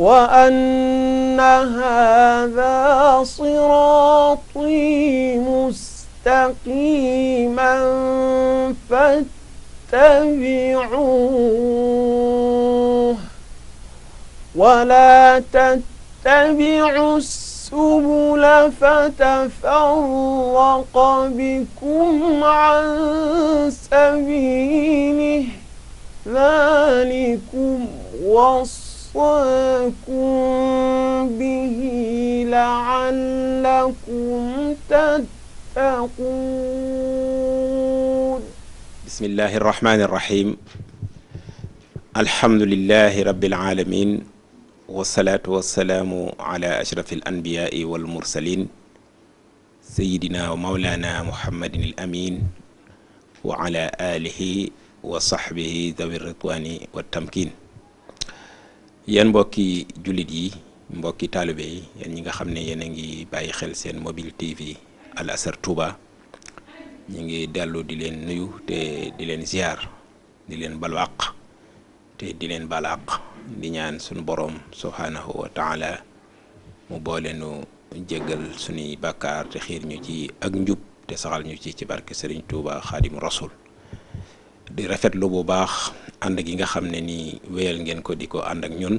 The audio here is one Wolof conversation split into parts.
وأن هذا صراطي مستقيما فاتبعوه ولا تتبعوا السبل فتفرق بكم عن سبيله ذلكم وصف وصاكم به لعلكم تتقون بسم الله الرحمن الرحيم الحمد لله رب العالمين والصلاة والسلام على أشرف الأنبياء والمرسلين سيدنا ومولانا محمد الأمين وعلى آله وصحبه ذوي الرضوان والتمكين yéen mbokki julit yi mbokki talibé yi yéen ñi nga xamné yéen ngi bàyyi xel seen mobile TV Al Azhar Touba ñi ngi dellu di leen nuyu te di leen ziar di leen balwaq te di leen balaq di ñaan suñu borom subhanahu wa taala mu boole nu jéggal suñu bakkar te xir ñu ci ak njub te saxal ñu ci ci barke Serigne Touba khadim Rasul di lu bu baax. Anda gi nga xamne ni nii wéyal ngeen ko diko and ak ñun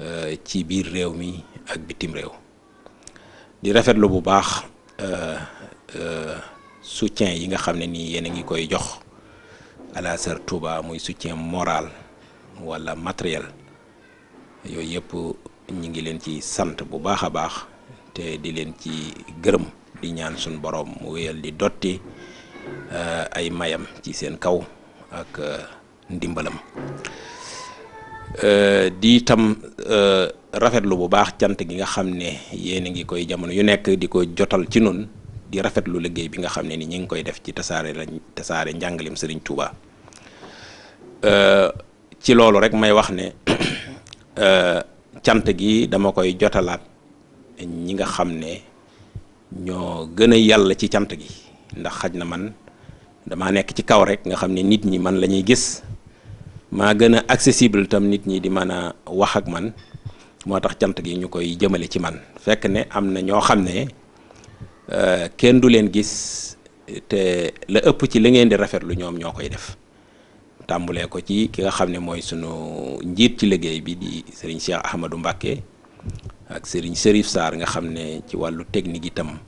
euh, ci biir réew mi ak bitim réew di rafetlu bu baax euh, euh, soutien yi nga xamne ni nii ngi koy jox ala sœur Touba muy soutien moral wala matériel yoy yepu ñi ngi leen ci sant bu baaxa a baax te di leen ci gërëm di ñaan suñu borom mu wéyal di dotti ay mayam ci seen kaw ak ndimbalam euh, di itam euh, rafetlu bu baax cant gi nga xam ne yéen a ngi koy jamono yu nekk di ko jotal ci nun di rafetlu liggéey bi nga xam ne ni ñi ngi koy def ci tasaare lañ tasaare njàngaleem Serigne Touba euh, ci loolu rek may wax ne cant gi dama koy jotalaat ñi nga xam ne ñoo gën a yàlla ci cant gi ndax xaj na man dama nekk ci kaw rek nga xam ne nit ñi man la ñuy gis ma gëna accessible tam nit ñi di mëna wax ak man motax jant gi ñukoy jëmele ci man fekk ne amna ño xamne euh du leen gis te la ëpp ci li ngeen di rafetlu def tambulé ko ci ki nga xamne moy suñu njit ci liggéey bi di serigne Cheikh Ahmadou Mbacké ak serigne Serif sar nga xamne ci walu technique itam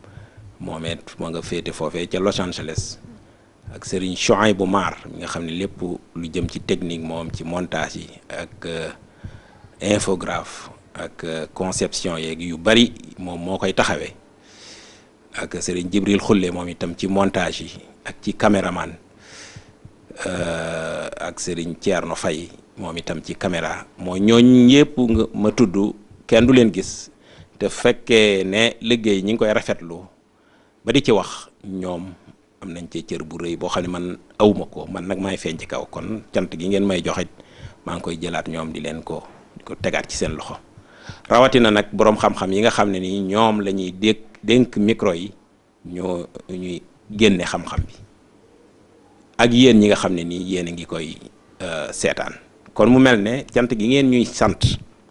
momet mo nga fété fofé ci Los Angeles ak serigne Chouaïbou Mar mi nga xam lepp lu jëm ci technique mom ci montage yi ak euh, infographe ak euh, conception yeeg yu bari mom mo koy taxawé ak serigne Jibril Xulle moom itam ci montage yi ak ci euh ak serigne Thierno Faye moom itam ci caméra mo ñooñ ñepp nga ma tuddu kenn du leen gis te fekke ne liggéey ñi ngi koy rafetlu ba di ci wax ñom am nañ cee cër bu rëy boo xam ne man awma ko man nag maay feeñ ci kaw kon cant gi ngeen may joxe maa ngi koy jëlaat ñoom di leen ko di ko tegaat ci seen loxo rawatina nag boroom xam-xam yi nga xam ne nii ñoom la ñuy dégg dénk micro yi ñoo ñuy génne xam-xam bi ak yéen ñi nga xam ne nii yéen a ngi koy euh, seetaan kon mu mel ne jant gi ngeen ñuy sant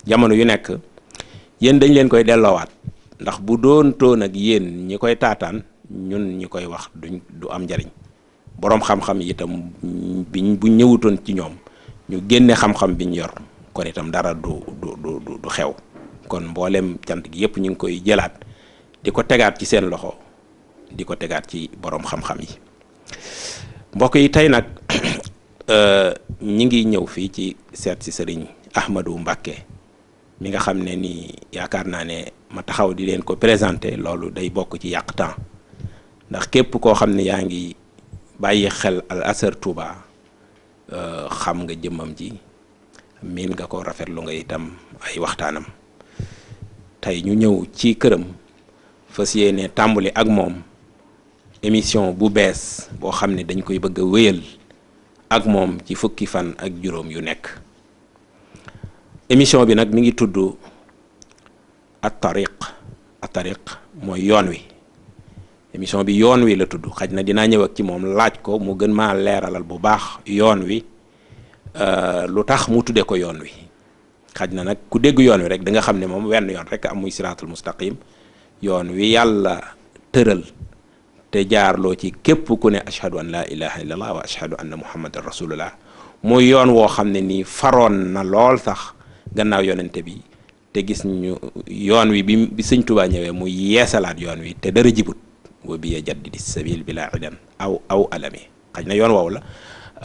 jamono yu nekk yéen dañ leen koy delloowaat ndax bu doon toon ak yéen ñi koy taataan ñun ñi koy wax duñ du am njariñ boroom xam-xam itam biñ bu ñëwutoon ci ñoom ñu génne xam-xam biñ yor kon itam dara du du du xew kon mboolem cant gi yëpp ñu ngi koy jëlaat di ko tegaat ci seen loxo di ko tegaat ci boroom xam-xam yi mbokk yi tey nag euh, ñu ngi ñëw fii ci seet si sëriñ Ahmadou Mbacké mi nga xam ne nii yaakaar naa ne ma taxaw di leen ko présenté loolu day bokk ci yàq temps ndax képp koo xam ne yaa ngi bàyyi xel al asar Touba euh, xam nga jëmmam ji miin nga ko rafetlu nga itam ay waxtaanam tey ñu ñëw ci këram fas yéene tàmbali ak moom émission bu bees boo xam ne dañ koy bëgg a wéyal ak moom ci fukki fan ak juróom yu nekk émission bi nag mi ngi tudd at atariq mooy yoon wi émission bi yoon wi la tudd xaj na dinaa ñëw ak ci moom laaj ko mu gën maa leeralal bu baax yoon wi lu tax mu tudde ko yoon wi xaj na nag ku dégg yoon wi rek da nga xam ne moom wenn yoon rek am muy siraatul mustaqim yoon wi yàlla tëral te jaarloo ci képp ku ne ashhadu an la ilaha illallah wa ashhadu anna muhammadan rasulullah muy yoon woo xam ne nii faroon na lool sax gannaaw yonente bi te gis ñu yoon wi bi bi sëñ Tuubaa ñëwee muy yeesalaat yoon wi te dara jibut wa biya jaddidi sabil bila idan aw aw alami xaj na yoon woowu la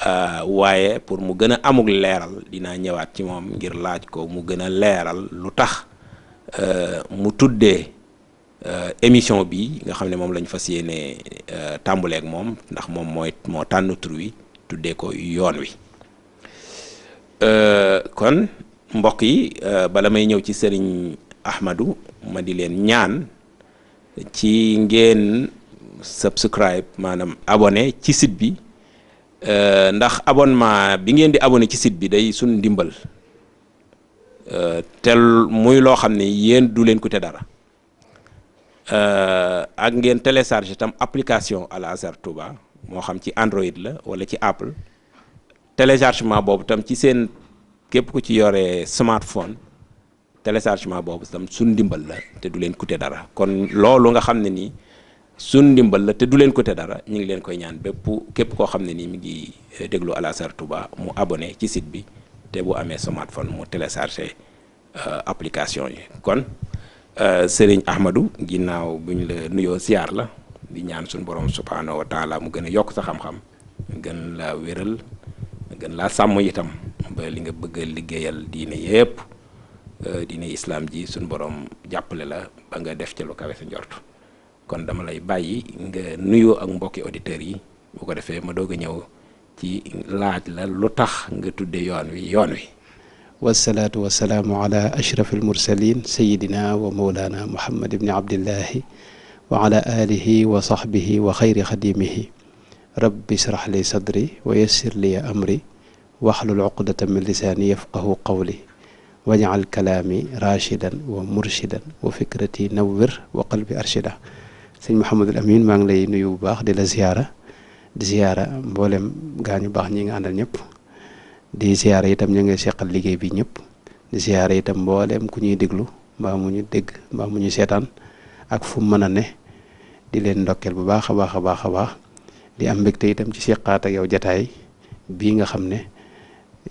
euh, waaye pour mu gën a amug leeral dinaa ñëwaat ci moom ngir laaj ko mu gën a leeral lu tax euh, mu tuddee euh, émission bi nga xam ne moom lañ fas yéene tàmbuleeg moom ndax moom mooy moo tànn tur wi tuddee ko yoon wi kon mbokk yi bala may ñëw ci sëriñ Ahmadou ma di leen ñaan ci ngeen subscribe maanaam abonné ci site bi euh, ndax abonnement bi ngeen di abonné ci site bi day suñ ndimbal euh, tel muy loo xam ni yéen du leen ko te dara euh, ak ngeen télécharge tam application Al Azhar Touba moo xam ci Android la wala ci Apple téléchargement boobu tam ci seen képp ku ci yore smartphone téléchargement boobu sam suñ ndimbal la te du leen coûter dara kon loolu nga xam ne nii suñ ndimbal la te du leen coûter dara ñu ngi leen koy ñaan bépp képp koo xam ne nii mi ngi eh, déglu Alazhar Touba mu abonné ci site bi te bu amee smartphone mu téléchargé euh, application yi kon euh, Serigne Ahmadou ginnaaw bu ñu la nuyoo siyaar la di ñaan suñu borom subhaanahu wa taala mu gën a yokk sa xam-xam gën laa wéral gën laa sàmm itam ba li nga bëgg liggéeyal diine yépp Euh, diine islaam ji suñu boroom jàppale la ba nga def ci lu kawe sa kon dama lay bàyyi nga nuyoo ak mbokki auditeurs yi bu ko defee ma doog a ñëw ci laaj la lu tax nga tuddee yoon wi yoon wi wasalaatu wasalaamu ala ashraf almursalin sayidina wa mawlana muhammad ibni abdillahi wa ala alihi wa sahbihi wa xayri xadimihi rabbi israh li sadri wa yassir li amri waxlul uqdata min lisaani yafqahu qawli wajaal kalaami rachidan wa murshidan wa fikrati nawwir wa qalbi arshida sëñ Mouhamadul Amin maa ngi lay nuyu bu baax di la ziyaara di ziyaara mboolem gaañu baax ñi nga àndal ñëpp di ziyaara yitam ñu ngi seqal liggéey bi ñëpp di ziyaara itam mboolem ku ñuy déglu mbaa mu ñu dégg mbaa mu ñu seetaan ak fu mu mën a ne di leen ndokkeel bu baax a baax a baax a baax di am mbégte itam ci seqaat ak yow jataay bii nga xam ne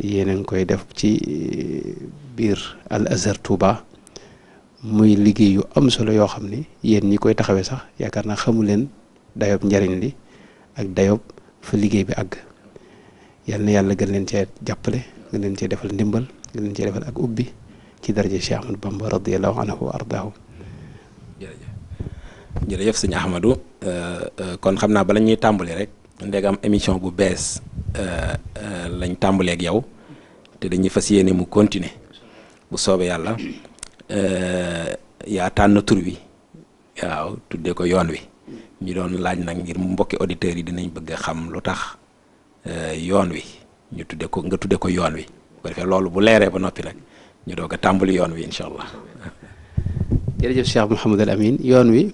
yéen a koy def ci bir al azhar touba muy liggey yu am solo xamni xam ni koy taxawé sax yakarna xamulen xamu dayob njariñ li ak dayob fa liggey bi ag yal yalla gën len ci jappalé gën len ci defal ndimbal gën len ci defal ak ubbi ci darje Cheikh Ahmadou Bamba radiyallahu anhu ardaahu Ahmadou euh, euh, kon xamna ba lañuy tambalé rek ndegam émission bu euh, euh lañ ak yow té dañuy fassiyéné mu continuer bu soobee yàlla eh, yaa tànn tur wi waaw tuddee ko yoon wi ñu doon laaj nag ngir mbokki auditeurs yi dinañ bëgg xam lu tax eh, yoon wi ñu tuddee ko nga tuddee ko yoon wi bu ko defee loolu bu leeree ba noppi nag ñu doog a tàmbali yoon wi incha allah. jërëjëf Cheikh Mouhamadul Amin yoon wi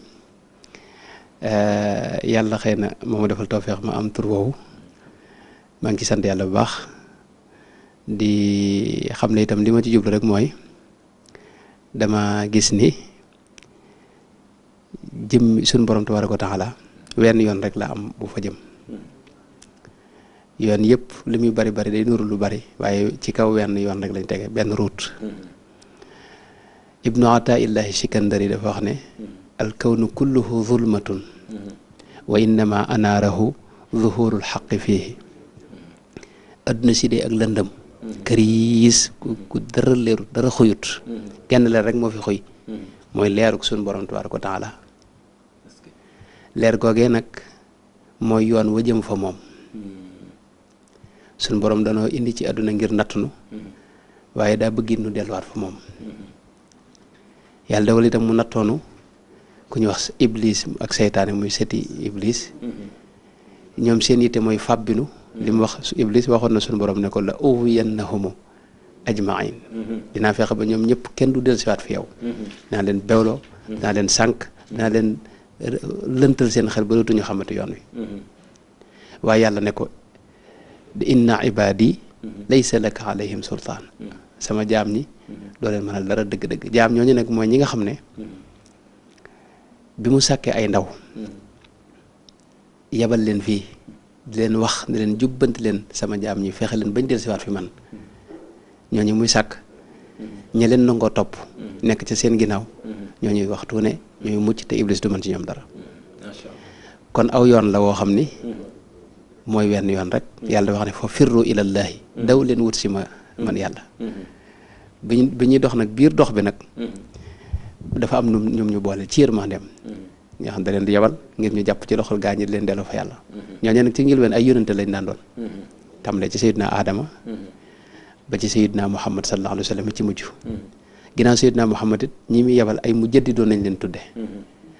eh, yàlla xëy na moo ma defal tawféex ma am tur woowu maa ngi sant yàlla bu baax. di xamne itam lima ci jublu rek moy dama gis ni jëm sun borom tabaaraka taala wern yon rek la am bu fa jëm yon yep limi bari bari day nuru lu bari waye ci kaw wern yon rek lañ tege ben route ibnu ata illahi shikandari dafa waxne al kawnu kulluhu zulmatun wa innama anarahu zuhurul xaqi fihi adna sidi ak lendam këriis ku ku dara leerut dara xuyut genn leer rek moo fi xuy mooy leeruk suñu borom tabaaraka wa taala leer googee nag mooy yoon wa jëm fa moom suñu borom danoo indi ci àdduna ngir nattunu waaye daa bëggit nu delluwaat fa moom yàlla dawal itam mu nattoonu ku ñu wax iblis ak seytaane muy seti iblis mm-hmm. ñoom seen yitte mooy fàbbinu li mu wax iblis waxoon na suñu borom ne ko la uwiyannahumu ajmain dinaa fexe ba ñoom ñëpp kenn du del siwaat fi yow dinaa leen bewloo dinaa leen sànq dinaa leen lëntal seen xel ba dootuñu xamati yoon wi waaye yàlla ne ko inna ibadi laysa laka alayhim sultaan sama jaam ñi doo leen mënal dara dëgg-dëgg jaam ñooñu nag mooy ñi nga xam ne bi mu sàkkee ay ndaw yabal leen fii di leen wax di leen jubbanti leen sama jaam ñi fexe leen bañ si waat fi man ñooñu muy sàkk ña leen nangoo topp nekk ci seen ginnaaw ñooñuy waxtu ne ñooy mucc te iblis du mën ci ñoom dara kon aw yoon la woo xam ni mooy wenn yoon rek yàlla wax ne fa firru ilallaahi daw leen wut si ma man yàlla bi ñuy dox nag biir dox bi nag dafa am nu ñoom ñu boole ci ma dem ñoo xam da leen di yebal ngir ñu jàpp ci loxol gaa ñi di leen delloo fa yàlla ñooñu nag ci njëlbeen ay yónante lañ daan doon tàmbalee ci sayyidina Aadama ba ci sayyidina Muhammad sallallahu alayhi wa sallam ci mujj ginnaaw sayyidina Muhammad it ñii muy yebal ay mujjaddi doon nañ leen tudde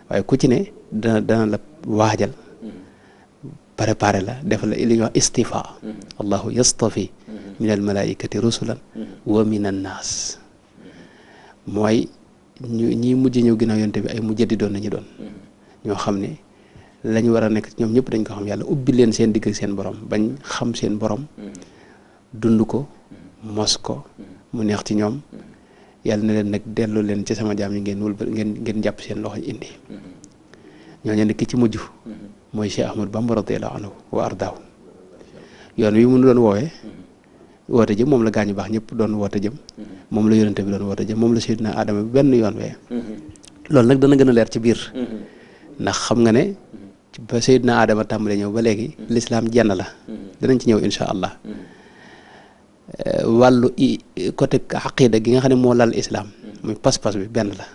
waaye ku ci ne dana la waajal préparé la wax istifa allahu yastafi min al malaikati rusulan wa min an naas mooy ñu ñi mujj ñëw ginnaaw yonte bi ay mujjaddi doon nañu doon ñoo xam ne lañ wara nek nekk ñoom ñëpp dañ ko xam yalla ubbi leen seen digg seen borom bañ xam seen borom dund ko mos ko mu neex ci ñom yalla na leen nag delu leen ci sama jaam ngeen wul ngeen ngeen japp seen loxo indi ñooñu ki ci muju moy Cheikh Ahmad Bamba radhiyallahu anhu wa ardaaw yoon wi mu doon woowee wote jëm mom la gañu bax ñëpp doon wote jëm mom la yoonte bi doon wote jëm mom la sayyidina adam ben yoon we mm-hmm. lool nak dana gëna leer ci bir mm-hmm. ndax xam nga ne ba Seydina Adama tàmbale ñëw ba léegi lislaam jenn la danañ ci ñëw insha allah eh, wàllu côté xaqida gi nga xam ne moo lal islaam muy pas-pas bi benn la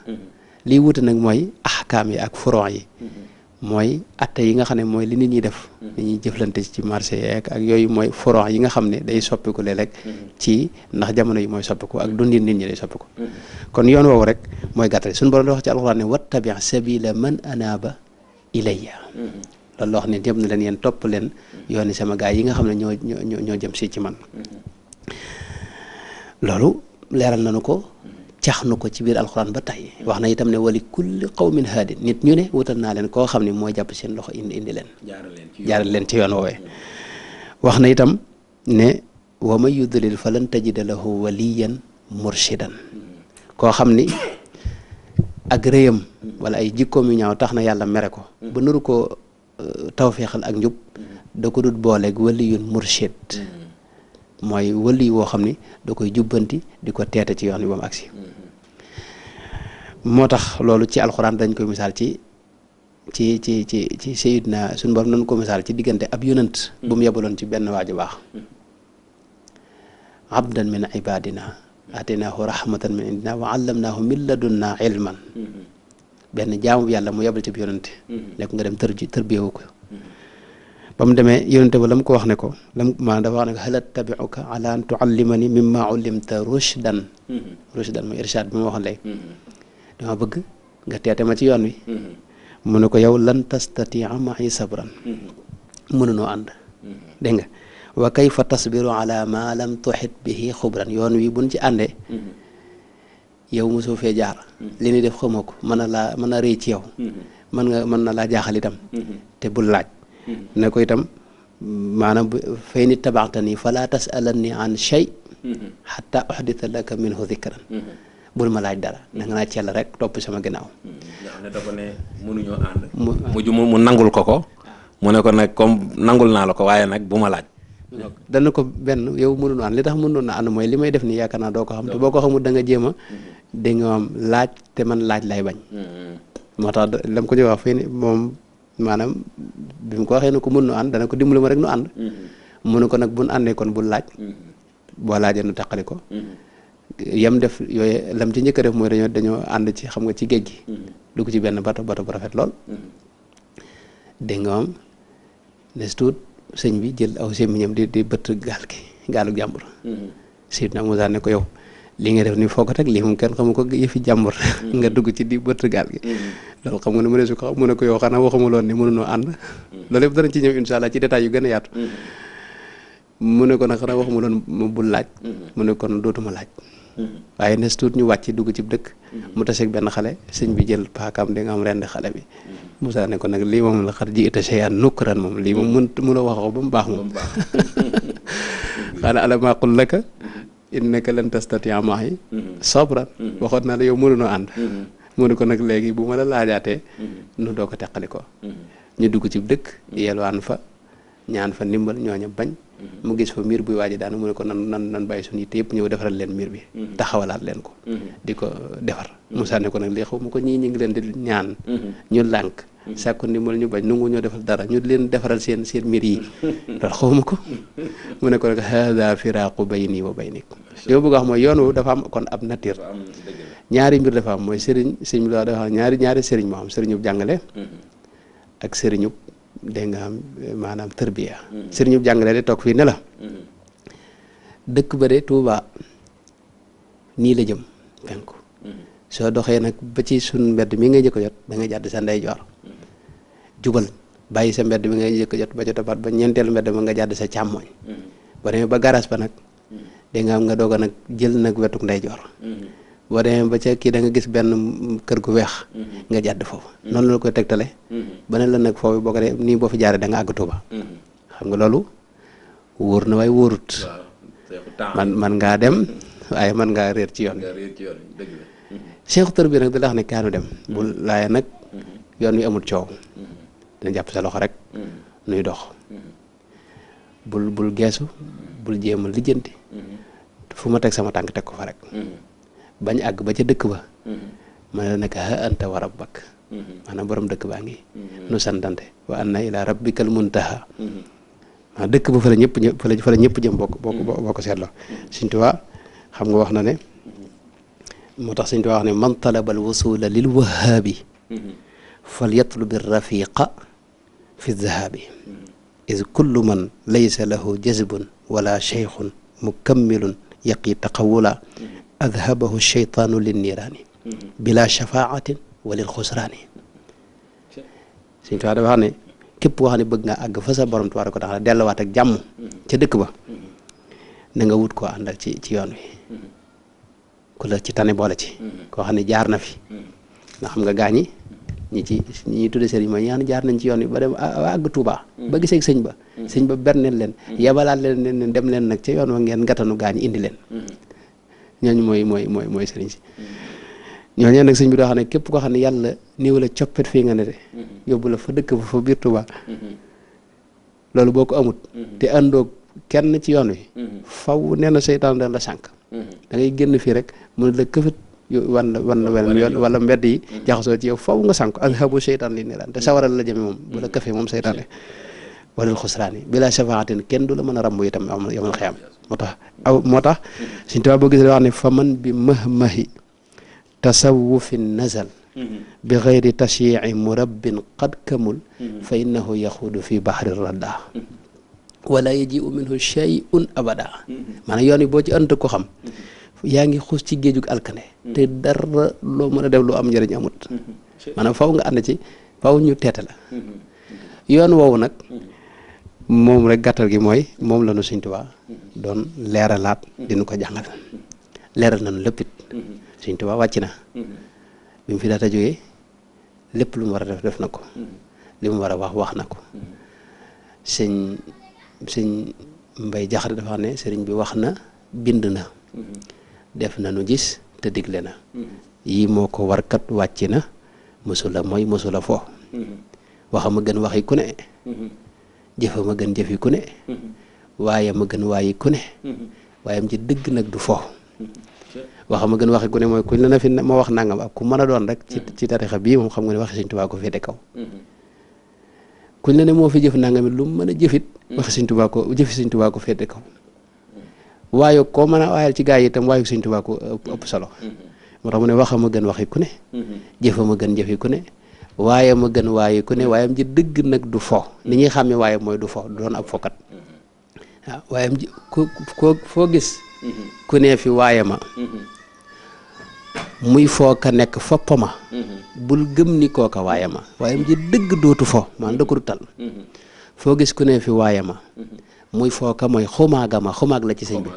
lii wuute nag mooy axkaam yi ak furon yi moy atay yi nga xamne moy li nit ñi def mm-hmm. ñi jëflante ci marché yeeg ak yoy moy foron yi nga xamne day soppi ko lelek mm-hmm. ci ndax jamono yi soppi ko ak dundin nit ñi day ko mm-hmm. kon yoon woowu rek moy gàttali suñu borom da wax ci alxuraan ne wattabi sabila man anaba ilayya la wax ni dem na len yeen top len yoni sama gaay yi nga xamne ño ño ño jëm si ci man lolu leral nañu ko تخنو كو تي بير القران با تاي واخنا ايتام ني ولي كل قوم هاد نيت ني ووتال نا كو خامني موي جاب سين لوخو اندي اندي لين جار لين تي يونو وي واخنا ايتام ني وما يدلل فلن تجد له وليا مرشدا كو خامني اك ريم ولا اي جيكوم نياو تخنا يالا ميركو با نورو كو توفيخال اك نيوب داكو دوت بولك ولي مرشد mooy wëll yi woo xam ni doo koy jubbanti di ko teete ci yoon wi ba mu agsi moo tax loolu ci alxuraan dañ koy misaal ci ci ci ci ci Seydina suñu borom nañ ko misaal ci diggante ab yonant bu mu yebaloon ci benn waaju baax abdan min ibadina atinaahu rahmatan min indina wa allamnaahu min ladunna ilman mm-hmm. benn jaamu yàlla mu yebal ci ab yonante mm-hmm. nekk nga dem tër tërbiyewu ko mm-hmm. ba mu demee yonente ba la ko wax ne ko lam maanaam dafa wax ne ko hal attabi'uka ala an tuallimani mimma ullimta rushdan mm-hmm. rushdan mooy irshad bi ma waxoon léegi mm-hmm. dama bëgg nga teete ma ci yoon wi mm-hmm. mu ne ko yow lan tastatia ma'i sabran mënunoo ànd dégg nga wa fa tasbiru ala ma lam tuhit bihi xubran yoon wi buñ ci àndee yow mosoo fee jaar li nu def xamoo ko mën a mën a rëy ci yow mën nga mën na laa jaaxal itam te bul laaj ne ko itam maanaam fay ni tabaxtani fala tasalanni an shay xatta min laka minhu dikran bul ma laaj dara da nga naa cell rek topp sama ginnaaw ne dafa ne mënuñoo ànd mujj mu nangul ko ko mu ne ko nag comme nangul naa la ko waaye nag bu ma laaj dana ko benn yow mënuñoo ànd li tax mënuñoo na ànd mooy li may def nii yaakaar naa doo ko xam te boo ko xamul da nga jéem a laaj te man laaj lay bañ mm-hmm. moo tax lam ko ñu wax fii moom maanaam bi mu ko waxee ne ko mën nu ànd dana ko dimbali ma rek nu ànd mm-hmm. mu ne ko nag buñ àndee kon bul laaj mm-hmm. boo laajee nu taqali ko mm-hmm. yam def yooyu lam ci njëkk def mooy dañoo dañoo ànd ci xam nga ci géej gi dugg ci benn bato bato bu rafet lool dégg nga moom nes tuut sëñ bi jël aw sémmiñam di di bëtt gaal gi gaalu jàmbur siit nag Moussa ne ko yow li nga def ni foo ko li mu ken xam ko yefi jàmbur mm. nga dugg ci di beut gal gi mm. lol xam nga ne mu ne su ko mu ne ko yo xana waxuma lon ni no and mm. lol yëpp dara ci ñew inshallah ci detail yu gëna yaat mu ne ko nak xana waxuma lon mu bul laaj mu ne kon dootuma laaj waye ne stout ñu wacc dugg ci dekk mu taseeg ben xalé señ bi jël pakam de nga am rend xalé bi musa ne ko nak li mom la xar ji ita seyaan nukran mom li mom mën mu la waxoo ba mu baax moom ala ma qul laka innaka lan tastatia ma'i mhm. sabran mhm. waxoon na la yow mënuñoo ànd mu mhm. ne ko nag léegi bu ma la laajaatee nu doo ko teqali ko ñu dugg ci dëkk yelwaan fa ñaan fa ndimbal ñooña bañ mu gis fa miir buy waaji daanu mu ne ko nan nan nan bàyyi suñu yitte yëpp ñëw defaral leen miir bi taxawalaat leen ko di ko defar mu sànni ko nag lii xaw ma ko ñii ñu ngi leen di ñaan ñu lànk sàkku ndimbal ñu bañ nangu ñoo defal dara ñu leen defaral seen seen mbir yi loolu xawma ko mu ne ko rek hada firaaqu bayni wa baynik li ma bëgg a wax dafa am kon ab nature ñaari mbir dafa am mooy sëriñ sëriñ bi dafa am ñaari ñaari sëriñ moo am sëriñub jàngale mm-hmm. ak sëriñu dégg nga maanaam tërbiya mm-hmm. sëriñub jàngale de toog fii ne la mm-hmm. dëkk ba de Tuuba nii la jëm penku soo doxee nag ba ci sun mbedd mi nga jëkk yot da nga jàdd sa ndeyjoor jubal bayi sa mbedd bi nga jëk jot ba ca topat ba ñentel mbedd ma nga jadd sa chamoy mm-hmm. bo demee ba garas ba nak mm-hmm. de nga am nga doga nak jël nak wetuk ndeyjoor mm-hmm. bo demee ba ci ki da nga gis ben kër gu wex nga jadd fofu non la koy tektalé ba la nak fofu bo ko ni bo fi jaaree da nga ag Tuuba xam nga lolu wor na way worut man man nga dem waaye man nga reer ci yoon Cheikh tour bi nak da la xane kanu dem bu laye nak yoon wi amul ciow dina japp sa loxo rek nuy dox bul bul gesu bul jema lijeenti fuma fu ma sama tank tek ko fa rek bañ ag ba ca dekk ba man la nek ha anta wa rabbak maanaam borom dekk ba ngi nu santante wa anna ila rabbikal muntaha ma dekk ba fa la ñëpp fa la fa la ñëpp jëm bok bok bok seigne xam nga wax na ne motax seigne wax ne man talaba al wusula lil wahhabi fal rafiqa fi dhahabi is kullu man laysa lahu jazbun wala cheykhun mukammilun yaqi taqawula adhabahu cheytaanu lin niiraani bila shafaatin wa lil xusraani suñ tuwi dafa xam ne koo ne bëgg nga àgg fa sa borom tubaab ko tax la delluwaat ak jàmm ca dëkk ba na nga wut koo àndal ci ci yoon boole ci koo xam jaar na fi ndax xam nga gaañi ñi ci ñi ñuy tudde sëriñ mooy ñaan jaar nañ ci yoon yi ba dem àgg Touba. ba gisee sëñ ba mm. sëñ ba berneel leen mm. yebalaat leen leen dem leen nag ca yoon wa ngeen ngattanu gaañ indi leen mm. ñooñu mooy mooy mooy mooy sëriñ si ñooñu nag sëñ bi doo xam ne képp koo xam ne yàlla néew la coppet fii nga ne de mm-hmm. yóbbu la fa dëkk ba fa biir Touba mm-hmm. loolu boo ko amut mm-hmm. te àndoog kenn ci yoon wi faw nee na seytaan dañ la sànk da génn fii rek mu ne la këfit yu wan la wan la weneen yoon wala mbedd yi mm. jaxasoo ci yow foofu nga sànk azhabu seytaan li niran te mm. sawaral la jëme moom bu la mm. kafee moom seytaane walal xusraani bila shafaatin kenn du la mën a ràmbu itam yomal xiyaam moo tax aw moo tax suñ tubaab boo gis wax ne fa man bi mahmahi tasawufin nazal mm-hmm. bi xeyri tashyici murabbin qad kamul mm-hmm. fa innahu yaxuudu fi bahri radda mm-hmm. wala yajiu minhu shay'un abada maanaam yoon yi boo ci ënt ko xam yaa ngi xuus ci géejug alkane mm-hmm. te dara loo mën a def loo am njëriñ amut mm-hmm. maanaam faw nga ànd ci faw ñu teete la mm-hmm. yoon woowu nag moom rek gàttal gi mooy moom la nu Sëñ doon leeralaat dina ko jàngal leeral na lépp it Sëñ Tuubaa wàcc na bi mu fi daata jógee lépp lu mu war a def def na ko li mu war a wax wax na ko sëñ sëñ Mbay Jaxate dafa xam ne sëriñ bi wax na bind na def nu jis te digle na mm-hmm. yii moo ko warkat wàcc na mësula mooy mosula fo mm-hmm. waxa ma gën waxi ku ne mm-hmm. jëfa ma gën jëfi ku ne waaye ma gën waayi ku ne waaye mu ci dëgg nag du fo waxa ma gën waxi ku ne mooy kuñ la na fi ma wax nangam ak ku mën a doon rek ci ci tarixa bii moom xam nga ne waxi Sëñ Tuubaa ko kaw kuñ la ne moo fi jëf nangam it lu mën a jëfit waxi Sëñ Tuubaa ko jëfi Sëñ Tuubaa ko kaw waaye koo man a waayal ci gaa yi itam waayu sëñ Tuubaa ko eh, ëpp solo mm-hmm. moo tax mu ne waxam a gën waxi ku ne mm-hmm. jëfam a gën jëfi ku ne waaye ma gën waaye ku ne mm-hmm. waayam ji dëgg nag du fo li ñuy xàmme waaye mooy du fo doon ab fokat ah, waaw gis ku fi waaye ma muy foo nekk foppa ma bul gëm ni kooka waaye ma waayam ji dëgg dootu fo maanaam da du tal foo gis ku ne fi waaye ma muy fooka mooy xumaagama xumaag la ci sëñ bi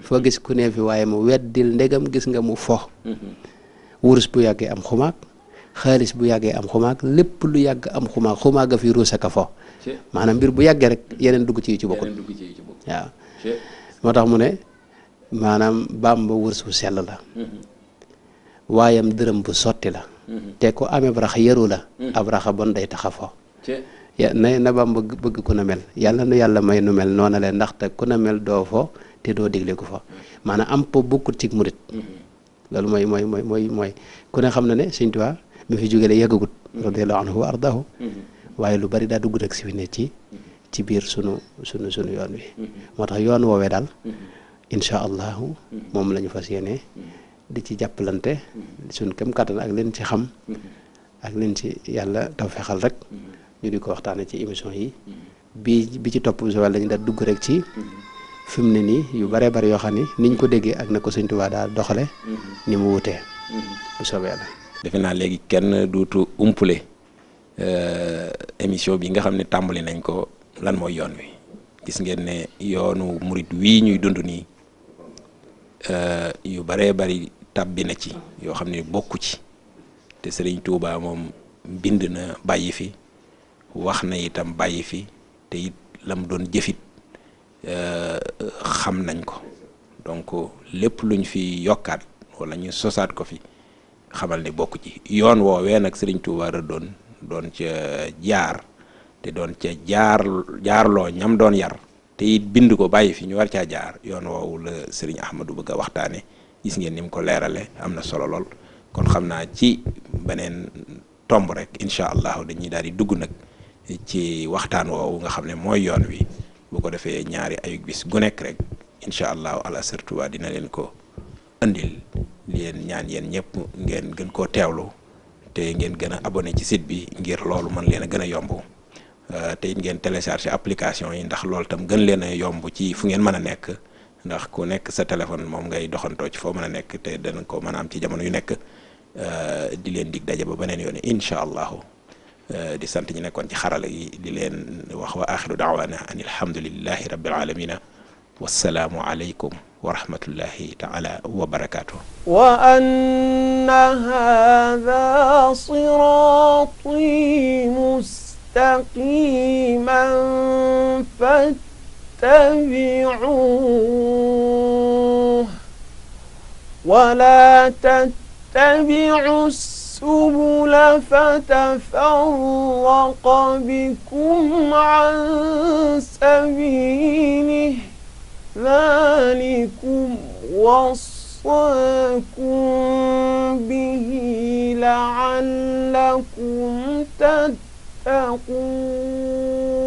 foo gis ku ne fi waaye mu weddil ndegam gis nga mu fo mm-hmm. wurus bu yàggee am xumaag xaalis bu yàggee am xumaag lépp lu yàgg am xumaag xumaaga fi ruus ak fo maanaam mbir bu yàggee rek yeneen dugg ci yu ci bokkul waaw moo tax mu ne maanaam Bàmba wurus bu sell la mm-hmm. waayam dërëm bu sotti la mm-hmm. te ku amee ab rax yaru la ab raxa bon day taxa fo na na Bàmba bëgg ku na mel yàlla nu yàlla may nu mel noona leen ndaxte ku na mel doo fo te doo digle ko fa maanaam am po bokkut ci murit mm-hmm. loolu mooy mooy mooy mooy mooy ku ne xam na ne Sëñ Tuubaa mi fi jógee yàggagut mm-hmm. radiyallahu anhu wa ardahu mm-hmm. waaye lu bari daa dugg rek si fi ne ci ci biir sunu sunu sunu yoon wi moo tax yoon woowee daal incha allahu moom la ñu fas yéene di ci jàppalante suñ kem kàttan ak leen ci xam ak leen ci yàlla tawfeexal rek ñu di ko waxtaanee ci émission yi bi bi ci topp bu soobee lañu daal dugg rek ci fi mu ne nii yu bare bari yoo xam ni niñ ko déggee ak na ko Sëñ Tuubaa daal doxale ni mu wutee bu soobee la defe naa léegi kenn duutu umpule euh, émission bi nga xam ne tàmbali nañ ko lan mooy yoon wi gis ngeen ne yoonu murit wii ñuy dund nii euh, yu baree bari tàbbi na ci yoo xam ne bokku ci te Sëriñ Tuubaa moom bind na bàyyi fi wax na itam bàyyi fi te it lam doon jëfit euh, xam nañ ko donc lépp lu ñu fi yokkaat wala ñu sosaat ko fi xamal ni bokk ci yoon woowee nag Serigne Touba rëddoon doon doon ca jaar te doon ca jaar jaarloo ñam doon yar te it bind ko bàyyi fi ñu war caa jaar yoon woowu la Serigne Ahmadou bëgg a waxtaane gis ngeen ni mu ko leerale am na solo lool kon xam naa ci beneen tomb rek incha allah dañuy daal di dugg nag ci waxtaan woowu nga xam ne mooy yoon wi bu ko defee ñaari ayug bis gu nekk rek incha allahu ala sertuwa dina leen ko andil leen ñaan yeen ñëpp ngeen gën koo teewlu te ngeen gën abonné ci site bi ngir loolu man leen a gën a yomb euh, te it ngeen téléchargé application yi ndax loolu tam gën leen a yomb ci fu ngeen mën a nekk ndax ku nekk sa téléphone moom ngay doxantoo ci foo mën a nekk te dana ko mën a am ci jamono yu nekk euh, di leen dig daje ba beneen yoon incha allahu di sant ñi nekkoon ci xarala yi di leen wax wa axiru dawana an alhamdulillahi rabbil alamina wassalaamu alaykum wa rahmatullahi taala wa barakaatu wa anna hada sirati mustaqiman fattabicuuh wala tattabiu السبل فتفرق بكم عن سبيله ذلكم وصاكم به لعلكم تتقون